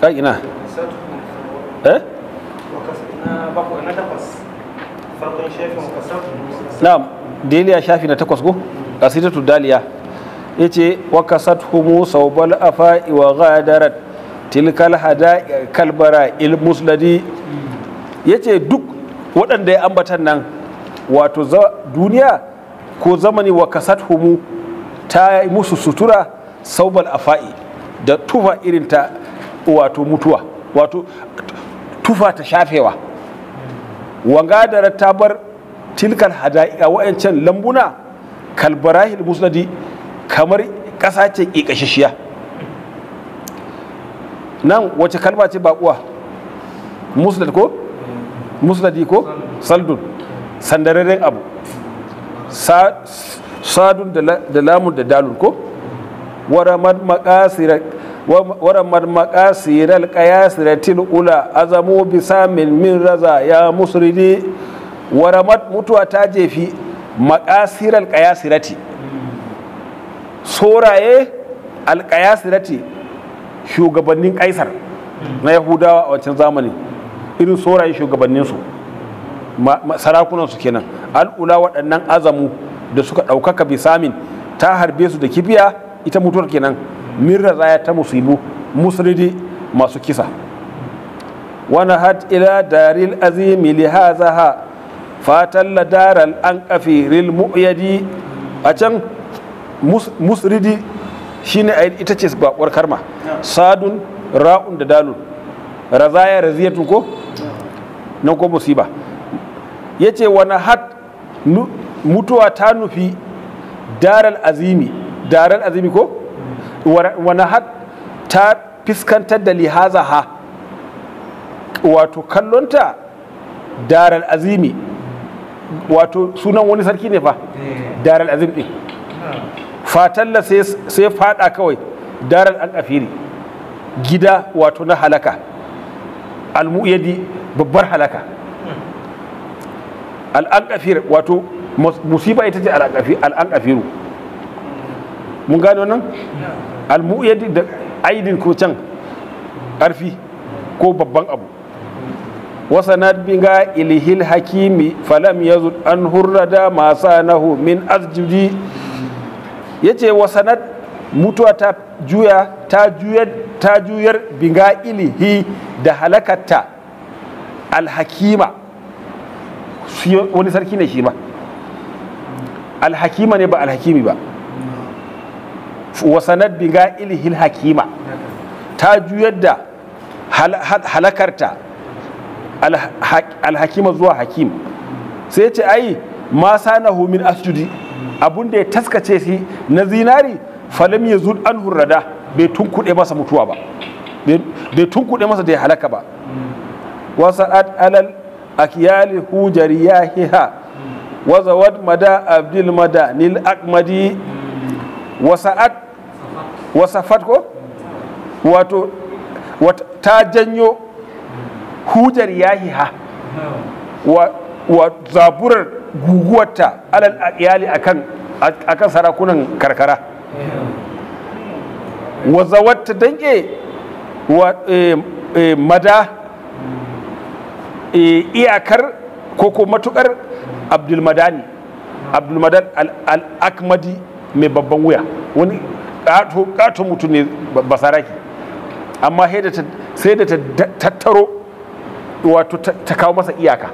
ka ina eh na'am daliya shafi na takwas go qasidatu daliya yace wa kasathumu sawbal afa'i wa ghadarat tilkal hada kalbara il musladi yace duk waɗanda ya ambatan nan wato duniya ko zamani wa kasathumu ta musu sutura saubal afa'i da tufa irin ta wato mutuwa wato tufa ta shafewa wangadarar ta bar tilkal hada'iƙa wa'ancan lambuna kalbarahil musnadi kamar ƙasa ce ƙiƙashishiya nan wace kalma ce baƙuwa musnad ko musnadi ko saldun sandararren abu sadun da lamun da dalun ko wara makasirar wara marmaka siral kayasiratin ula azamu bisamin min raza ya musulmi wara mutuwa ta jefi makasiral kayasirati soraye alkayasirati shugabannin kaisar na yahudawa a wancan zamani irin soraye sarakunan su kenan al'ula waɗannan azamu da suka ka bi bisamin ta harbe su da kibiya ita mutuwar kenan mirra zaya ta musibu musulidi masu kisa wani hat ila daril azimi li hazaha fatan la daral an kafi ril mu'yadi a can musridi shine ita ce bakwar karma sadun ra'un da dalun razaya raziyatun ko nan ko musiba ya ce wani hat mutuwa ta nufi daral azimi daral azimi ko wani ta fiskantar da lihaza ha wato kallonta daral azimi wato sunan wani sarki ne fa eh. daral azim Fatan fatalla sai fada kawai daral an gida wato na halaka almu'yadi babbar halaka al'an kafir wato musiba ita ce al'an kafiru mun gano nan al-mu'yad da aidin ko can ƙarfi ko babban abu wasa na binga ilhil hakimi falam ya an hurrada masa nahu min azjudi ya ce wasanat mutuwa ta juya ta juyar ta juyar binga ilhi da halakatta alhakima wani sarki ne shi ba alhakima ne ba alhakimi ba wasanar biga ilhil hakima ta juyar da halakarta alhakima zuwa hakim sai ce ai ma na homin asjudi abun ya taskace shi na zinari falam ya zuɗ an hurrada bai tunkuɗe masa mutuwa ba bai tunkuɗe masa da ya halaka ba wasa'at alal akiyali hiha wazawad mada abdul mada nil akmadi wasa'at wasafat ko wato ta janyo hujar yahiha ha, wa zaburar guguwarta alal iyali akan sarakunan karkara wa zawatta danke wa eh, eh, mada eh, iyakar koko matukar abdulmadani abdulmadan al-akmadi mai babban wuya wani kato mutum ne basaraki amma sai da ta tattaro wato ta kawo masa iyaka